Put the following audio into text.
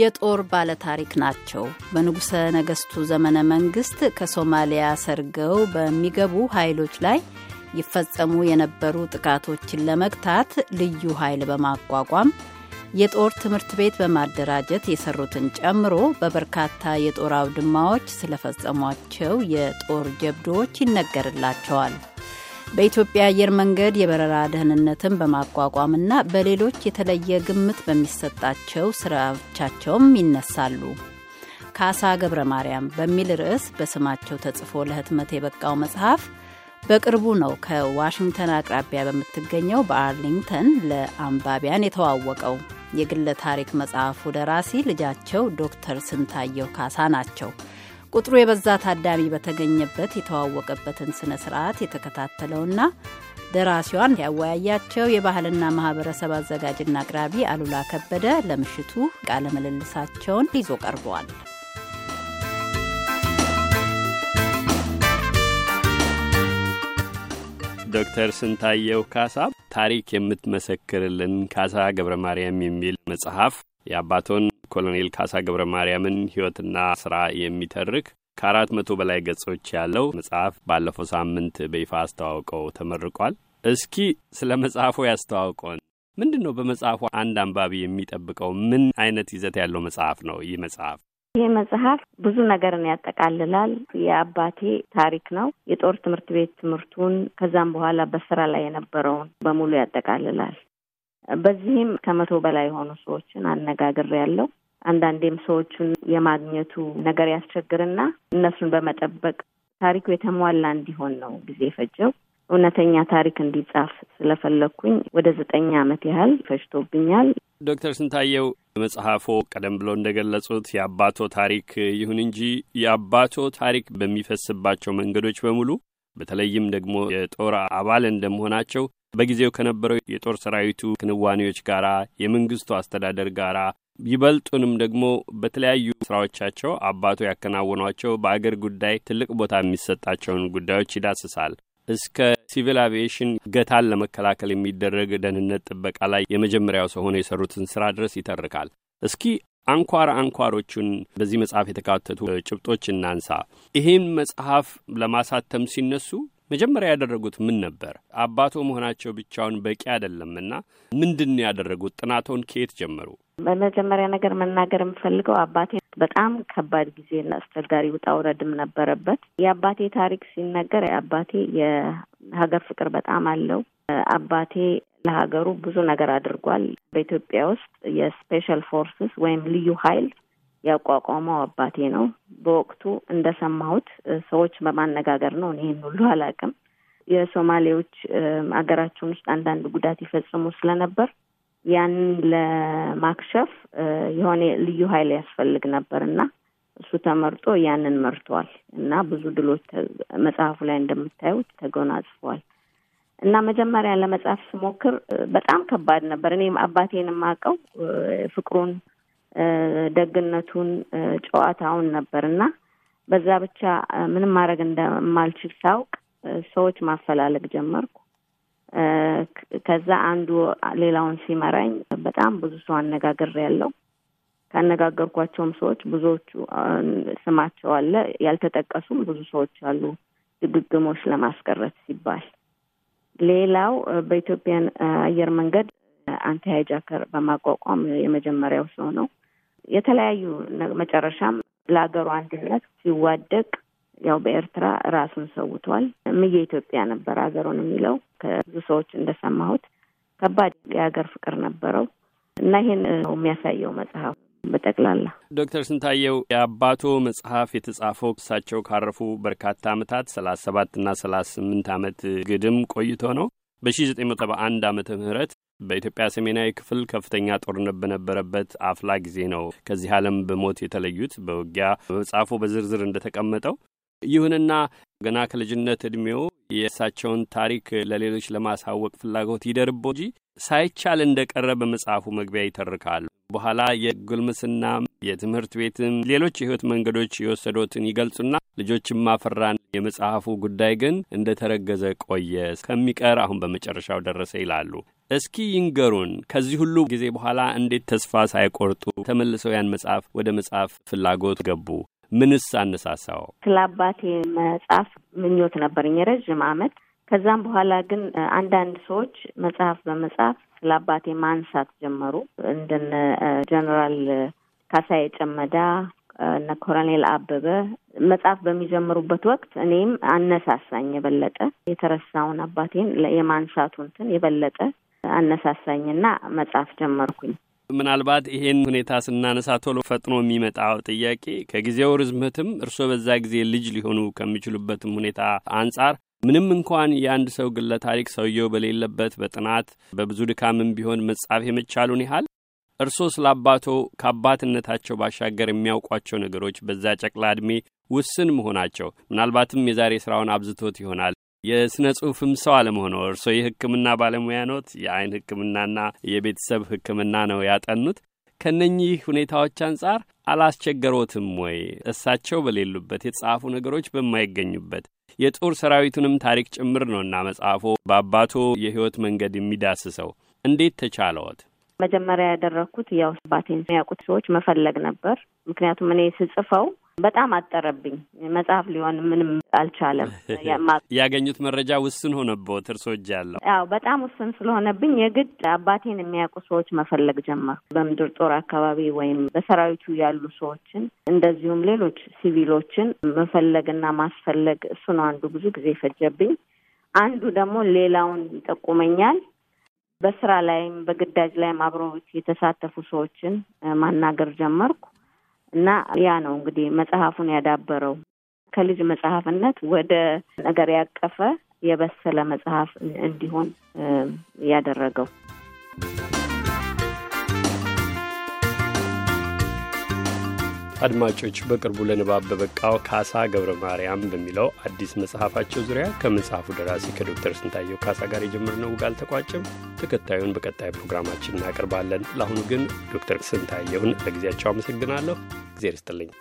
የጦር ባለታሪክ ናቸው። በንጉሠ ነገሥቱ ዘመነ መንግሥት ከሶማሊያ ሰርገው በሚገቡ ኃይሎች ላይ ይፈጸሙ የነበሩ ጥቃቶችን ለመግታት ልዩ ኃይል በማቋቋም የጦር ትምህርት ቤት በማደራጀት የሰሩትን ጨምሮ በበርካታ የጦር አውድማዎች ስለፈጸሟቸው የጦር ጀብዶዎች ይነገርላቸዋል። በኢትዮጵያ አየር መንገድ የበረራ ደህንነትን በማቋቋምና በሌሎች የተለየ ግምት በሚሰጣቸው ስራዎቻቸውም ይነሳሉ። ካሳ ገብረ ማርያም በሚል ርዕስ በስማቸው ተጽፎ ለህትመት የበቃው መጽሐፍ በቅርቡ ነው ከዋሽንግተን አቅራቢያ በምትገኘው በአርሊንግተን ለአንባቢያን የተዋወቀው። የግለ ታሪክ መጽሐፉ ደራሲ ልጃቸው ዶክተር ስንታየው ካሳ ናቸው። ቁጥሩ የበዛ ታዳሚ በተገኘበት የተዋወቀበትን ስነ ስርዓት የተከታተለውና ደራሲዋን ያወያያቸው የባህልና ማህበረሰብ አዘጋጅና አቅራቢ አሉላ ከበደ ለምሽቱ ቃለ ምልልሳቸውን ይዞ ቀርበዋል። ዶክተር ስንታየው ካሳ ታሪክ የምትመሰክርልን ካሳ ገብረ ማርያም የሚል መጽሐፍ የአባቶን ኮሎኔል ካሳ ገብረ ማርያምን ሕይወትና ስራ የሚተርክ ከአራት መቶ በላይ ገጾች ያለው መጽሐፍ ባለፈው ሳምንት በይፋ አስተዋውቀው ተመርቋል። እስኪ ስለ መጽሐፉ ያስተዋውቀውን። ምንድን ነው በመጽሐፉ አንድ አንባቢ የሚጠብቀው? ምን አይነት ይዘት ያለው መጽሐፍ ነው ይህ መጽሐፍ? ይህ መጽሐፍ ብዙ ነገርን ያጠቃልላል። የአባቴ ታሪክ ነው። የጦር ትምህርት ቤት ትምህርቱን፣ ከዛም በኋላ በስራ ላይ የነበረውን በሙሉ ያጠቃልላል። በዚህም ከመቶ በላይ የሆኑ ሰዎችን አነጋግሬ ያለው አንዳንዴም ሰዎቹን የማግኘቱ ነገር ያስቸግርና እነሱን በመጠበቅ ታሪኩ የተሟላ እንዲሆን ነው ጊዜ ፈጀው። እውነተኛ ታሪክ እንዲጻፍ ስለፈለግኩኝ ወደ ዘጠኝ ዓመት ያህል ፈጅቶብኛል። ዶክተር ስንታየው መጽሐፎ ቀደም ብለው እንደገለጹት የአባቶ ታሪክ ይሁን እንጂ የአባቶ ታሪክ በሚፈስባቸው መንገዶች በሙሉ በተለይም ደግሞ የጦር አባል እንደመሆናቸው በጊዜው ከነበረው የጦር ሰራዊቱ ክንዋኔዎች ጋራ፣ የመንግስቱ አስተዳደር ጋራ ይበልጡንም ደግሞ በተለያዩ ስራዎቻቸው አባቱ ያከናወኗቸው በአገር ጉዳይ ትልቅ ቦታ የሚሰጣቸውን ጉዳዮች ይዳስሳል። እስከ ሲቪል አቪዬሽን ገታን ለመከላከል የሚደረግ ደህንነት ጥበቃ ላይ የመጀመሪያው ሰው ሆነው የሰሩትን ስራ ድረስ ይተርካል። እስኪ አንኳር አንኳሮቹን በዚህ መጽሐፍ የተካተቱ ጭብጦች እናንሳ። ይህን መጽሐፍ ለማሳተም ሲነሱ መጀመሪያ ያደረጉት ምን ነበር? አባቶ መሆናቸው ብቻውን በቂ አይደለምና ምንድን ያደረጉት? ጥናቶን ከየት ጀመሩ? በመጀመሪያ ነገር መናገር የምፈልገው አባቴ በጣም ከባድ ጊዜና አስቸጋሪ ውጣ ውረድም ነበረበት። የአባቴ ታሪክ ሲነገር አባቴ የሀገር ፍቅር በጣም አለው። አባቴ ለሀገሩ ብዙ ነገር አድርጓል። በኢትዮጵያ ውስጥ የስፔሻል ፎርስስ ወይም ልዩ ኃይል ያቋቋመው አባቴ ነው። በወቅቱ እንደሰማሁት ሰዎች በማነጋገር ነው፣ ይህን ሁሉ አላውቅም። የሶማሌዎች አገራችን ውስጥ አንዳንድ ጉዳት ይፈጽሙ ስለነበር ያንን ለማክሸፍ የሆነ ልዩ ኃይል ያስፈልግ ነበር እና እሱ ተመርጦ ያንን መርቷል እና ብዙ ድሎች መጽሐፉ ላይ እንደምታዩት ተጎናጽፏል። እና መጀመሪያ ለመጽሐፍ ስሞክር በጣም ከባድ ነበር። እኔም አባቴን የማውቀው ፍቅሩን፣ ደግነቱን፣ ጨዋታውን ነበር እና በዛ ብቻ ምንም ማድረግ እንደማልችል ሳውቅ ሰዎች ማፈላለግ ጀመርኩ። ከዛ አንዱ ሌላውን ሲመራኝ በጣም ብዙ ሰው አነጋግር ያለው ካነጋገርኳቸውም ሰዎች ብዙዎቹ ስማቸው አለ። ያልተጠቀሱም ብዙ ሰዎች አሉ ድግግሞች ለማስቀረት ሲባል። ሌላው በኢትዮጵያን አየር መንገድ አንቲ ሃይጃከር በማቋቋም የመጀመሪያው ሰው ነው። የተለያዩ መጨረሻም ለሀገሩ አንድነት ሲዋደቅ ያው በኤርትራ ራሱን ሰውቷል። ምየ ኢትዮጵያ ነበር ሀገሩን የሚለው ከብዙ ሰዎች እንደሰማሁት ከባድ የሀገር ፍቅር ነበረው እና ይሄን ነው የሚያሳየው መጽሐፍ በጠቅላላ። ዶክተር ስንታየው የአባቶ መጽሐፍ የተጻፈው እሳቸው ካረፉ በርካታ አመታት ሰላሳ ሰባት ና ሰላሳ ስምንት አመት ግድም ቆይቶ ነው በ1971 አመተ ምህረት በኢትዮጵያ ሰሜናዊ ክፍል ከፍተኛ ጦርነት በነበረበት አፍላ ጊዜ ነው ከዚህ ዓለም በሞት የተለዩት በውጊያ በመጽሐፉ በዝርዝር እንደተቀመጠው። ይሁንና ገና ከልጅነት ዕድሜው የእሳቸውን ታሪክ ለሌሎች ለማሳወቅ ፍላጎት ይደርቦ እንጂ ሳይቻል ቀረ በመጽሐፉ መግቢያ ይተርካሉ። በኋላ የጉልምስና የትምህርት ቤትም ሌሎች የህይወት መንገዶች የወሰዶትን ይገልጹና ልጆችን ማፈራን የመጽሐፉ ጉዳይ ግን እንደ ተረገዘ ቆየ ከሚቀር አሁን በመጨረሻው ደረሰ ይላሉ። እስኪ ይንገሩን ከዚህ ሁሉ ጊዜ በኋላ እንዴት ተስፋ ሳይቆርጡ ተመልሰው ያን መጽሐፍ ወደ መጽሐፍ ፍላጎት ገቡ? ምንስ አነሳሳው? ስለ አባቴ መጽሐፍ ምኞት ነበረኝ ረዥም ዓመት። ከዛም በኋላ ግን አንዳንድ ሰዎች መጽሐፍ በመጽሐፍ ስለ አባቴ ማንሳት ጀመሩ። እንደነ ጀነራል ካሳዬ ጨመዳ እነ ኮሎኔል አበበ መጽሐፍ በሚጀምሩበት ወቅት እኔም አነሳሳኝ የበለጠ የተረሳውን አባቴን የማንሳቱ እንትን የበለጠ አነሳሳኝና መጽሐፍ ጀመርኩኝ። ምናልባት ይሄን ሁኔታ ስናነሳ ቶሎ ፈጥኖ የሚመጣው ጥያቄ ከጊዜው ርዝመትም እርስዎ በዛ ጊዜ ልጅ ሊሆኑ ከሚችሉበትም ሁኔታ አንጻር ምንም እንኳን የአንድ ሰው ግለ ታሪክ ሰውየው በሌለበት በጥናት በብዙ ድካምም ቢሆን መጻፍ የመቻሉን ያህል እርስዎ ስለ አባቶ ከአባትነታቸው ባሻገር የሚያውቋቸው ነገሮች በዛ ጨቅላ ዕድሜ ውስን መሆናቸው ምናልባትም የዛሬ ስራውን አብዝቶት ይሆናል የሥነ ጽሑፍም ሰው አለመሆኖ እርስዎ የሕክምና ባለሙያ ኖት። የአይን ሕክምናና የቤተሰብ ሕክምና ነው ያጠኑት። ከነኚህ ሁኔታዎች አንጻር አላስቸገሮትም ወይ? እሳቸው በሌሉበት የተጻፉ ነገሮች በማይገኙበት የጦር ሰራዊቱንም ታሪክ ጭምር ነውና መጽሐፎ በአባቶ የህይወት መንገድ የሚዳስሰው እንዴት ተቻለዎት? መጀመሪያ ያደረግኩት ያው አባቴን ያውቁት ሰዎች መፈለግ ነበር። ምክንያቱም እኔ ስጽፈው በጣም አጠረብኝ። መጽሐፍ ሊሆን ምንም አልቻለም። ያገኙት መረጃ ውስን ሆነቦት እርሶ እጅ ያለው? አዎ በጣም ውስን ስለሆነብኝ የግድ አባቴን የሚያውቁ ሰዎች መፈለግ ጀመርኩ። በምድር ጦር አካባቢ ወይም በሰራዊቱ ያሉ ሰዎችን እንደዚሁም ሌሎች ሲቪሎችን መፈለግና ማስፈለግ እሱ ነው አንዱ ብዙ ጊዜ ፈጀብኝ። አንዱ ደግሞ ሌላውን ይጠቁመኛል። በስራ ላይም በግዳጅ ላይም አብረው የተሳተፉ ሰዎችን ማናገር ጀመርኩ። እና ያ ነው እንግዲህ መጽሐፉን ያዳበረው ከልጅ መጽሐፍነት ወደ ነገር ያቀፈ የበሰለ መጽሐፍ እንዲሆን ያደረገው። አድማጮች በቅርቡ ለንባብ በበቃው ካሳ ገብረ ማርያም በሚለው አዲስ መጽሐፋቸው ዙሪያ ከመጽሐፉ ደራሲ ከዶክተር ስንታየው ካሳ ጋር የጀመርነው ውግ አልተቋጭም። ተከታዩን በቀጣይ ፕሮግራማችን እናቀርባለን። ለአሁኑ ግን ዶክተር ስንታየውን ለጊዜያቸው አመሰግናለሁ። እግዜር ይስጥልኝ።